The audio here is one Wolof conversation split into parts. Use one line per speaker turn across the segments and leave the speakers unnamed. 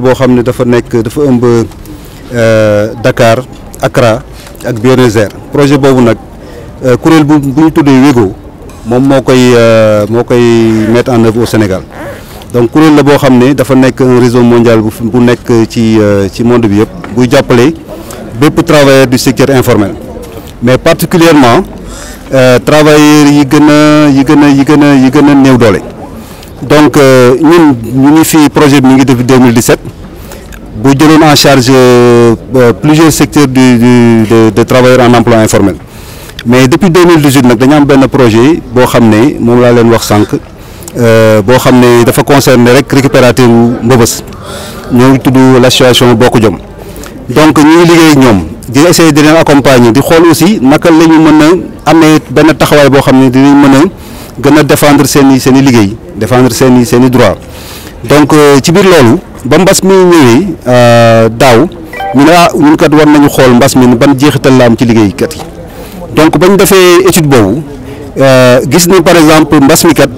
boo xam ne dafa nekk dafa ëmb euh, Dakar Accra ak Buenos projet boobu nag euh, kuréel bu bu ñu tuddee Wego moom moo koy euh, moo koy mettre en œuvre au Sénégal donc kuréel la boo xam ne dafa nekk un réseau mondial bu bu nekk ci ci monde bi yëpp buy jàppale bépp travailleur du secteur informel mais particulièrement travailleurs yi gën a yi gën a yi gën yi gën a néew doole donc euh, ñun ñu ngi fii projet bi ñu ngi depuis 2017 bu jëloon en charge euh, euh, plusieurs secteurs du de de travailleurs en emploi informel mais depuis 2018 nag dañu am benn projet boo xam ne moom laa leen wax sànq boo xam ne dafa concerné rek récupérateur Mbëbës ñoo ngi tudd boo ko Jom donc ñu liggéey ñoom di essayer di leen accompagner di xool aussi naka la ñu mën a amee benn taxawaay boo xam ne dinañ mën a gën a défendre seen i seen i liggéey. défendre seen i seen i droit donc euh, ci biir loolu ba mbas mi ñëwee euh, daaw ñu ne ah ñun kat war nañu xool mbas mi ban jeexital la am ci liggéeykat yi donc bañ defee étude boobu euh, gis ni par exemple mbas mi kat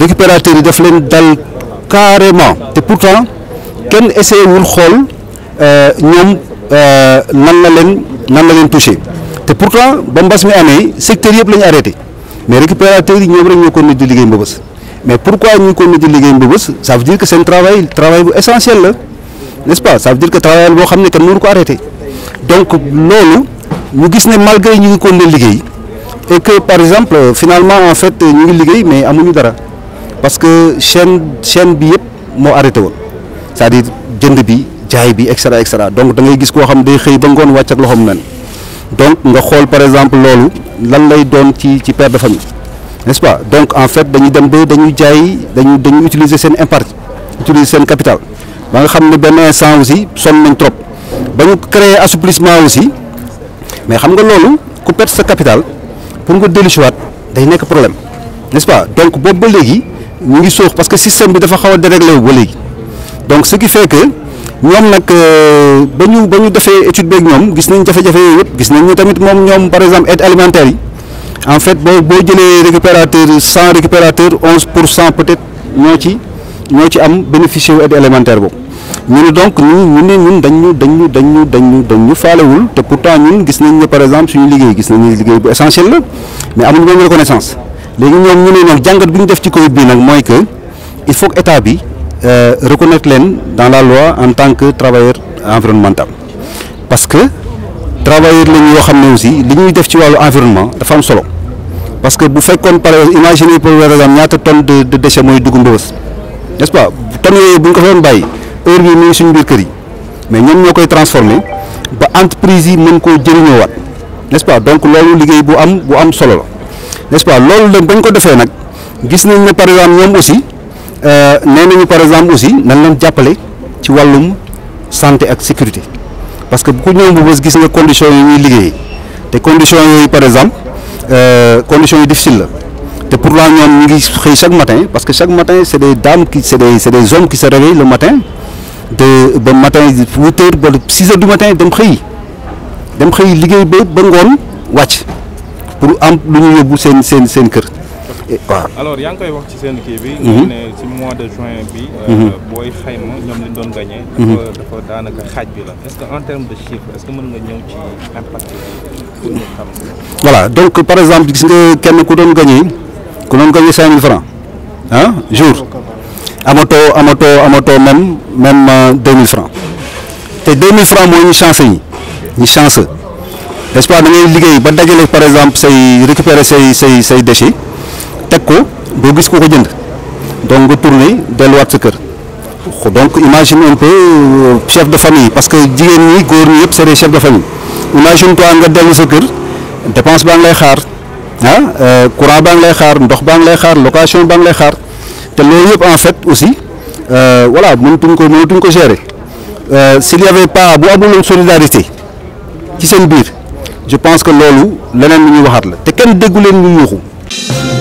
récupérateur yi daf leen dal carrément te pourtant kenn essayé wul xool ñoom nan la leen nan la leen touché te pourtant ba mbas mi amee secteur yëpp la ñu mais récupérateurs yi ñoom rek ñoo continué di liggéey mbëbës mais pourquoi ñuy continué di liggéey mbëbës ça veut dire que seen travail travail bu essentiel la n'est-ce pas ça veut dire que travail boo xam ne kenn mënu ko arrêté donc loolu ñu gis ne malgré ñu ngi continué liggéey et que par exemple finalement en fait ñu ngi liggéey mais amuñu dara parce que chaîne chaîne bi yëpp moo arrêté woon cest à jënd bi jaay bi et cetera et cetera donc da gis koo xam day xëy ba ngoon wàcc ak loxoom nan donc nga xool par exemple loolu lan lay doon ci ci père de famille n'est-ce pas donc en fait dañu dem ba dañuy jaay dañu dañu utiliser seen impact utiliser seen capital ba nga xam ne benn instant aussi son nañ trop ba ñu créer assouplissement aussi mais xam nga loolu ku perte sa capital pour nga dellusiwaat day nekk problème n'est-ce pas donc boobu ba léegi ñu ngi soox parce que système bi dafa xaw a déréglé wu ba léegi donc ce qui fait que ñoom nag euh, ba ñu ba ñu defee étude beeg ñoom gis nañ jafe-jafe yooyu yëpp gis nañ ñu tamit moom ñoom par exemple aide alimentaire yi en fait boo boo jëlee récupérateur cent récupérateur onze pour cent peut-être ñoo ci ñoo ci am bénéficier wu aide boobu ñu ne donc ñun ñu ne ñun dañu dañu dañu dañu dañu faalewul te pourtant ñun gis nañ ne par exemple suñu liggéey gis nañ liggéey bu essentiel la mais amuñu benn reconnaissance léegi ñoom ñu ne nag jàngat bi ñu def ci Covid bi nag mooy que il faut état bi. Euh, reconnaître leen dans la loi en tant que travailleur environnemental parce que travailleur la ñu yoo xam ne aussi li ñuy def ci wàllu environnement dafa am solo parce que bu fekkoon par imaginer par exemple ñaata tonne de de déchets mooy dugg Mbëbës n'est-ce pas tonne yooyu bu ñu ko doon bàyyi heure bi mu ngi biir kër yi mais ñoom ñoo koy transformer ba entreprise yi mën koo jëriñoowaat n'est-ce pas donc loolu liggéey bu am bu am solo la nest pas loolu nag bañ ko defee nag gis nañ ne par exemple ñoom Euh, nee nañu par exemple aussi nan leen jàppale ci wàllum santé ak sécurité parce que bu ko ñëw bu bës gis nga condition yi ñuy liggéey te conditions yooyu par exemple euh, conditions yi difficile la te pour la ñoom ñu ngi xëy chaque matin parce que chaque matin c' est des dames qui c' est des c' est se réveillent le matin de ba matin huit heures ba six heures du matin dem xëy dem xëy liggéey ba ba ngoon wàcc pour am lu ñu yóbbu seen seen seen kër. waaw alors yaa ngi koy wax ci seen kii bi. Mhm. ñu ne ci mois de juin bi. Euh, mhm. booy xayma ñoom li doon gagné. Mhm. dafa daanaka xaaj bi la est-ce que en termes de chiffre est-ce que mën nga ñëw ci impact bi pour par exemple gis kenn ku doon gagné ku doon gagné cinq mille francs ah jour amatoo amatoo amatoo même même euh, deux mille francs te deux mille francs mooy ñu chance yi ñu chance n'est-ce pas da ngay liggéey ba dajale par exemple say récupérer say say say teg ko doo gis ko ko jënd donc nga tourné delluwaat sa kër donc imagine un peu euh, chef de famille parce que jigéen ñi góor ñi yëpp c'est chef de famille imagine toi nga dellu sa kër dépense baa nga lay xaar ah euh, courant baa ngi lay xaar ndox baa ngi lay xaar location baa ngi lay xaar te loolu yëpp en fait aussi euh, voilà mënatuñ ko mënatuñ ko gérer s'il y avait pas bu amul woon solidarité ci seen biir je pense que loolu leneen lu ñuy waxaat la te kenn déggu